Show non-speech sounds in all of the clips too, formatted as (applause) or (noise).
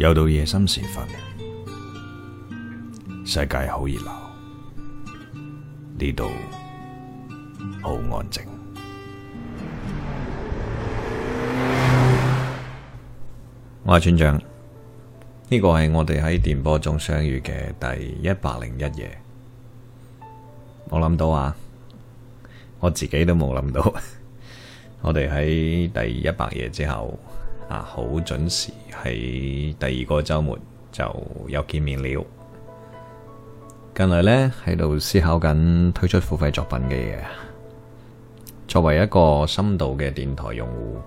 又到夜深時分，世界好熱鬧，呢度好安靜。我係村長，呢個係我哋喺電波中相遇嘅第一百零一夜。冇諗到啊，我自己都冇諗到， (laughs) 我哋喺第一百夜之後。啊，好準時喺第二個周末就又見面了。近嚟呢，喺度思考緊推出付費作品嘅嘢。作為一個深度嘅電台用戶，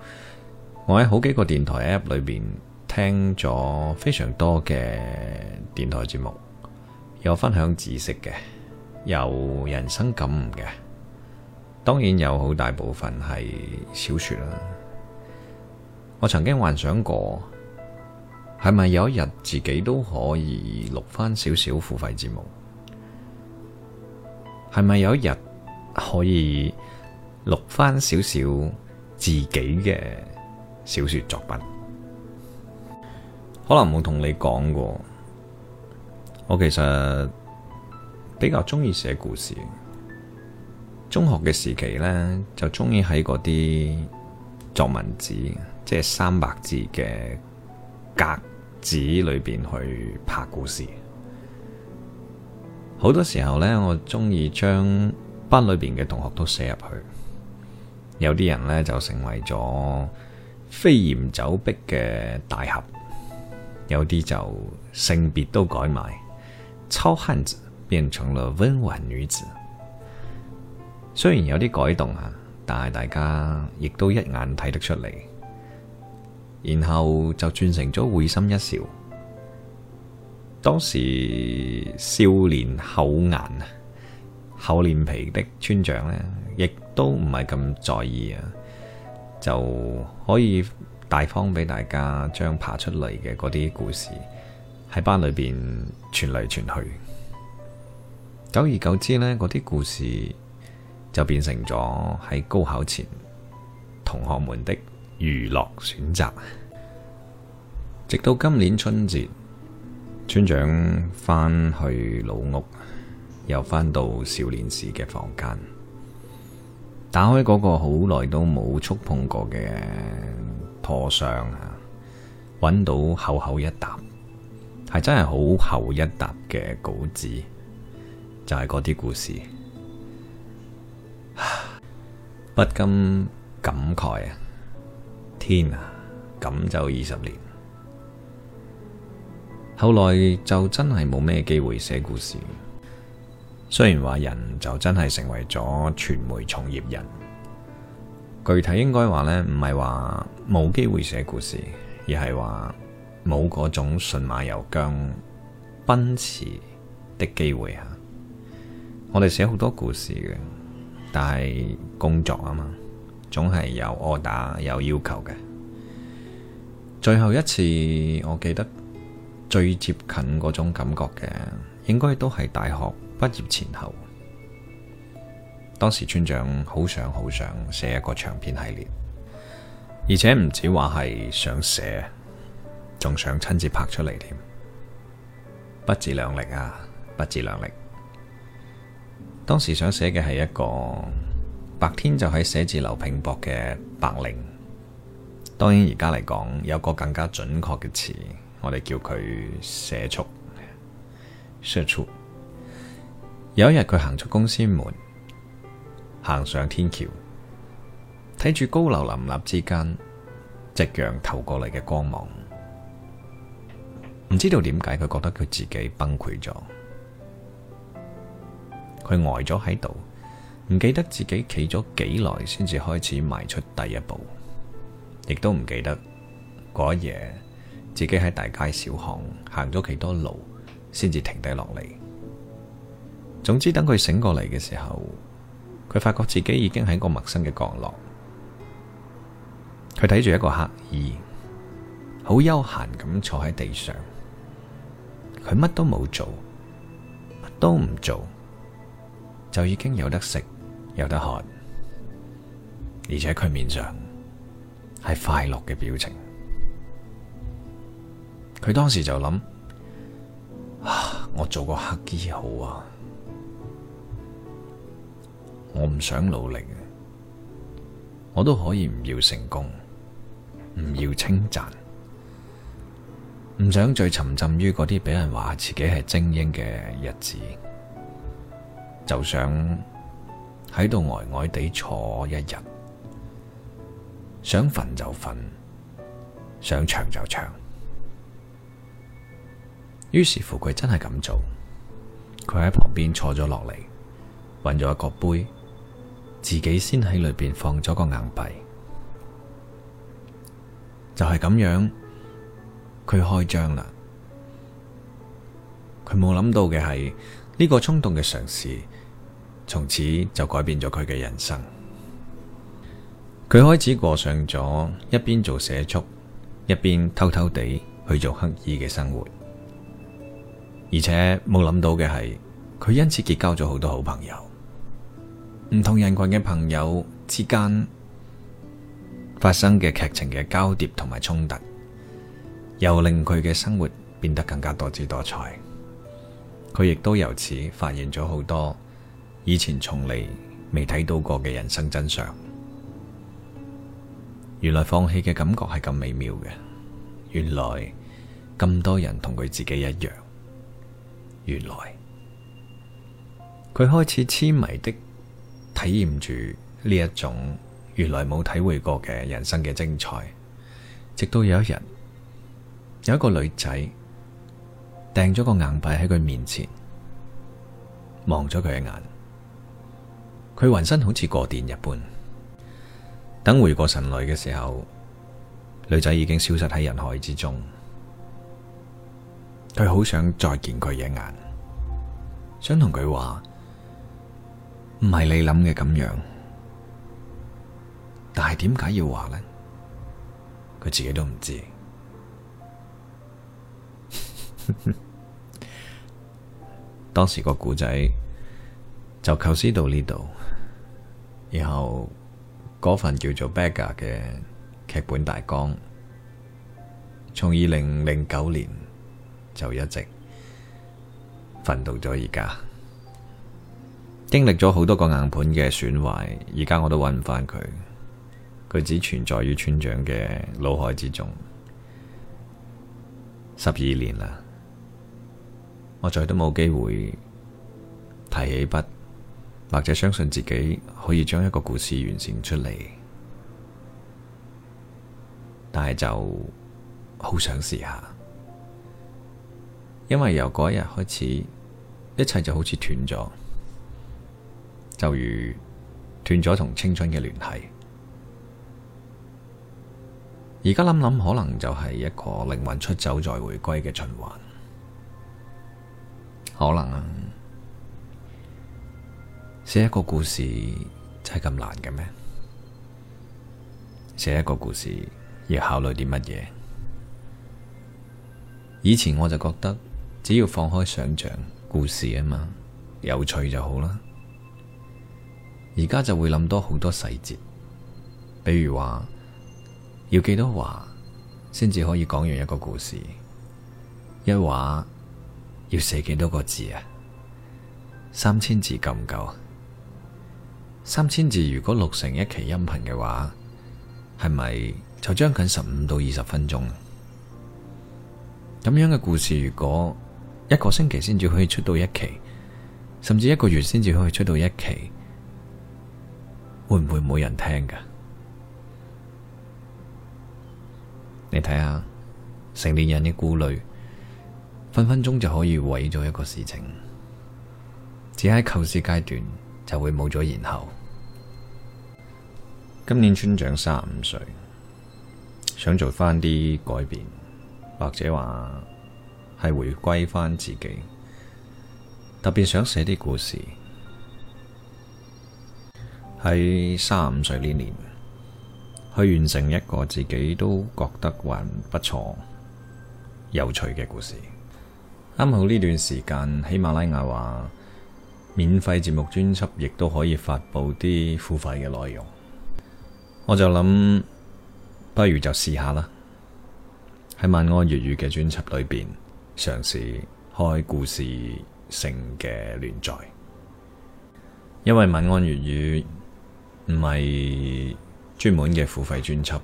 我喺好幾個電台 App 裏邊聽咗非常多嘅電台節目，有分享知識嘅，有人生感悟嘅，當然有好大部分係小說啦。我曾經幻想過，係咪有一日自己都可以錄翻少少付費節目？係咪有一日可以錄翻少少自己嘅小說作品？可能冇同你講過，我其實比較中意寫故事。中學嘅時期咧，就中意喺嗰啲作文紙即係三百字嘅格子裏邊去拍故事，好多時候呢，我中意將班裏邊嘅同學都寫入去，有啲人呢，就成為咗飛檐走壁嘅大俠，有啲就性別都改埋，糙漢子變成了溫婉女子。雖然有啲改動啊，但係大家亦都一眼睇得出嚟。然後就轉成咗會心一笑。當時少年厚顏啊，厚臉皮的村長呢，亦都唔係咁在意啊，就可以大方俾大家將爬出嚟嘅嗰啲故事喺班裏邊傳嚟傳去。久而久之呢，嗰啲故事就變成咗喺高考前同學們的，娛樂選擇，直到今年春節，村長返去老屋，又返到少年時嘅房間，打開嗰個好耐都冇觸碰過嘅破箱啊，揾到厚厚一沓，係真係好厚一沓嘅稿紙，就係嗰啲故事，不禁感慨啊！天啊，咁就二十年，後來就真係冇咩機會寫故事。雖然話人就真係成為咗傳媒從業人，具體應該話呢，唔係話冇機會寫故事，而係話冇嗰種信馬由韁奔馳的機會吓。我哋寫好多故事嘅，但係工作啊嘛。總係有 order 有要求嘅。最後一次我記得最接近嗰種感覺嘅，應該都係大學畢業前後。當時村長好想好想寫一個長篇系列，而且唔止話係想寫，仲想親自拍出嚟添。不自量力啊！不自量力。當時想寫嘅係一個。白天就喺寫字樓拼搏嘅白領，當然而家嚟講有個更加準確嘅詞，我哋叫佢社畜，社畜。有一日佢行出公司門，行上天橋，睇住高樓林立之間，夕陽投過嚟嘅光芒，唔知道點解佢覺得佢自己崩潰咗，佢呆咗喺度。唔記得自己企咗幾耐先至開始邁出第一步，亦都唔記得嗰一夜自己喺大街小巷行咗幾多路先至停低落嚟。總之，等佢醒過嚟嘅時候，佢發覺自己已經喺個陌生嘅角落。佢睇住一個乞丐，好悠閒咁坐喺地上，佢乜都冇做，乜都唔做，就已經有得食。有得喝，而且佢面上係快樂嘅表情。佢當時就諗：啊，我做個乞衣好啊！我唔想努力，我都可以唔要成功，唔要稱讚，唔想再沉浸於嗰啲俾人話自己係精英嘅日子，就想。喺度呆呆地坐一日，想瞓就瞓，想唱就唱。於是乎，佢真係咁做。佢喺旁邊坐咗落嚟，揾咗一個杯，自己先喺裏邊放咗個硬幣，就係咁樣，佢開張啦。佢冇諗到嘅係呢個衝動嘅嘗試。從此就改變咗佢嘅人生。佢開始過上咗一邊做社畜，一邊偷偷地去做乞衣嘅生活。而且冇諗到嘅係，佢因此結交咗好多好朋友。唔同人群嘅朋友之間發生嘅劇情嘅交疊同埋衝突，又令佢嘅生活變得更加多姿多彩。佢亦都由此發現咗好多，以前從嚟未睇到過嘅人生真相，原來放棄嘅感覺係咁美妙嘅。原來咁多人同佢自己一樣，原來佢開始痴迷的體驗住呢一種原來冇體會過嘅人生嘅精彩。直到有一日，有一個女仔掟咗個硬幣喺佢面前，望咗佢一眼。佢渾身好似過電一般，等回過神來嘅時候，女仔已經消失喺人海之中。佢好想再見佢一眼，想同佢話唔係你諗嘅咁樣，但係點解要話呢？佢自己都唔知。 (laughs) 當時個古仔就構思到呢度。然後嗰份叫做《Beggar》嘅劇本大綱，從二零零九年就一直瞓到咗而家，經歷咗好多個硬盤嘅損壞，而家我都揾唔返佢，佢只存在於村長嘅腦海之中。十二年啦，我再都冇機會提起筆。或者相信自己可以將一個故事完成出嚟，但係就好想試下，因為由嗰一日開始，一切就好似斷咗，就如斷咗同青春嘅聯繫。而家諗諗，可能就係一個靈魂出走再回歸嘅循環，可能啊。寫一個故事真係咁難嘅咩？寫一個故事要考慮啲乜嘢？以前我就覺得只要放開想象，故事啊嘛有趣就好啦。而家就會諗多好多細節，比如話要幾多話先至可以講完一個故事？一話要寫幾多個字啊？三千字夠唔夠？三千字如果錄成一期音頻嘅話，係咪就將近十五到二十分鐘？咁樣嘅故事如果一個星期先至可以出到一期，甚至一個月先至可以出到一期，會唔會冇人聽㗎？你睇下成年人嘅顧慮，分分鐘就可以毀咗一個事情。只喺構思階段。就會冇咗然後。今年村長卅五歲，想做翻啲改變，或者話係回歸翻自己，特別想寫啲故事。喺卅五歲呢年，去完成一個自己都覺得還不錯、有趣嘅故事。啱好呢段時間，喜馬拉雅話。免費節目專輯亦都可以發布啲付費嘅內容，我就諗，不如就試下啦。喺晚安粵語嘅專輯裏邊，嘗試開故事性嘅連載，因為晚安粵語唔係專門嘅付費專輯，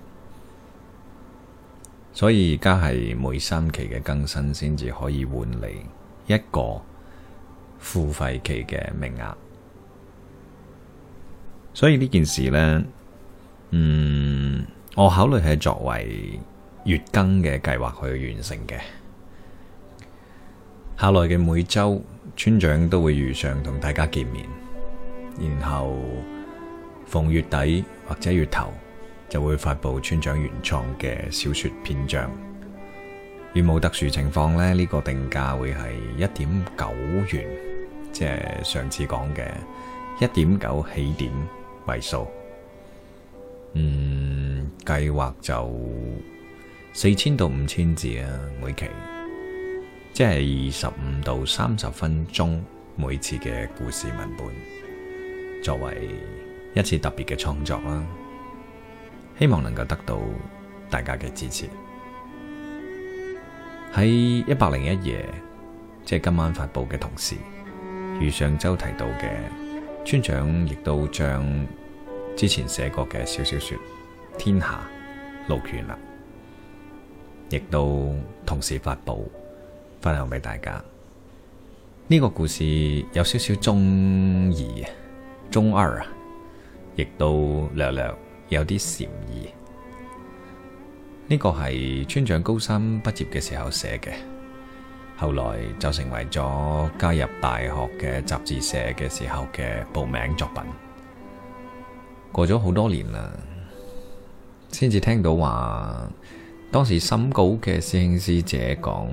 所以而家係每三期嘅更新先至可以換嚟一個。付費期嘅名額，所以呢件事呢，嗯，我考慮係作為月更嘅計劃去完成嘅。下嚟嘅每周，村長都會如常同大家見面，然後逢月底或者月頭就會發布村長原創嘅小說篇章。如冇特殊情況呢，呢個定價會係一點九元。即係上次講嘅一點九起點為數，嗯，計劃就四千到五千字啊，每期，即係二十五到三十分鐘每次嘅故事文本，作為一次特別嘅創作啦，希望能夠得到大家嘅支持。喺一百零一夜，即係今晚發布嘅同時。如上周提到嘅，村長亦都將之前寫過嘅小小說《天下》錄完啦，亦都同時發布分享俾大家。呢個故事有少少中二中二啊，亦都略略有啲禪意。呢個係村長高三畢業嘅時候寫嘅。後來就成為咗加入大學嘅雜誌社嘅時候嘅報名作品。過咗好多年啦，先至聽到話，當時審稿嘅師兄師姐講，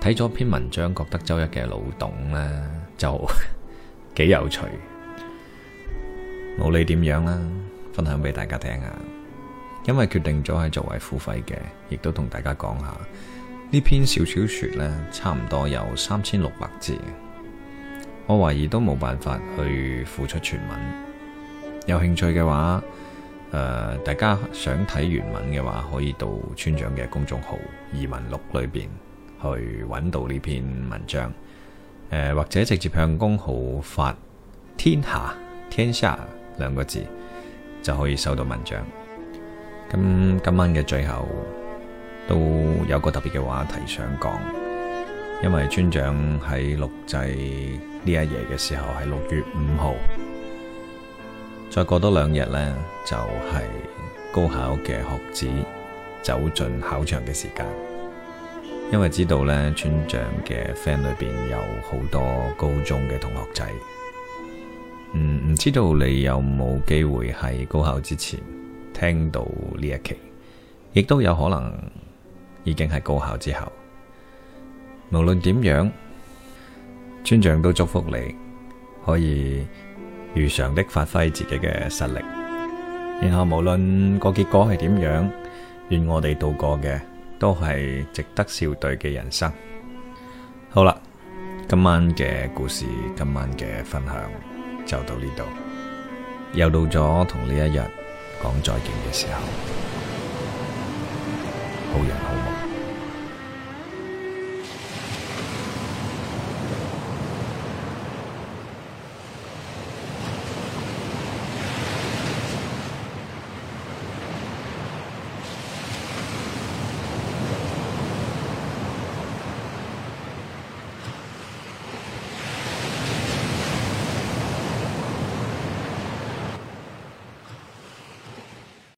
睇咗篇文章覺得周一嘅腦洞呢就 (laughs) 幾有趣，冇理點樣啦，分享俾大家聽啊！因為決定咗係作為付費嘅，亦都同大家講下。呢篇小小說呢，差唔多有三千六百字，我懷疑都冇辦法去付出全文。有興趣嘅話，誒、呃，大家想睇原文嘅話，可以到村長嘅公眾號《懿聞錄》裏邊去揾到呢篇文章。誒、呃，或者直接向公號發“天下天下”兩個字，就可以收到文章。咁今晚嘅最後。都有個特別嘅話題想講，因為村長喺錄製呢一夜嘅時候係六月五號，再過多兩日呢，就係高考嘅學子走進考場嘅時間。因為知道呢，村長嘅 friend 裏邊有好多高中嘅同學仔，嗯，唔知道你有冇機會喺高考之前聽到呢一期，亦都有可能。已經係高考之後，無論點樣，村長都祝福你可以如常的發揮自己嘅實力。然後無論個結果係點樣，願我哋度過嘅都係值得笑對嘅人生。好啦，今晚嘅故事，今晚嘅分享就到呢度，又到咗同呢一日講再見嘅時候，好人好夢。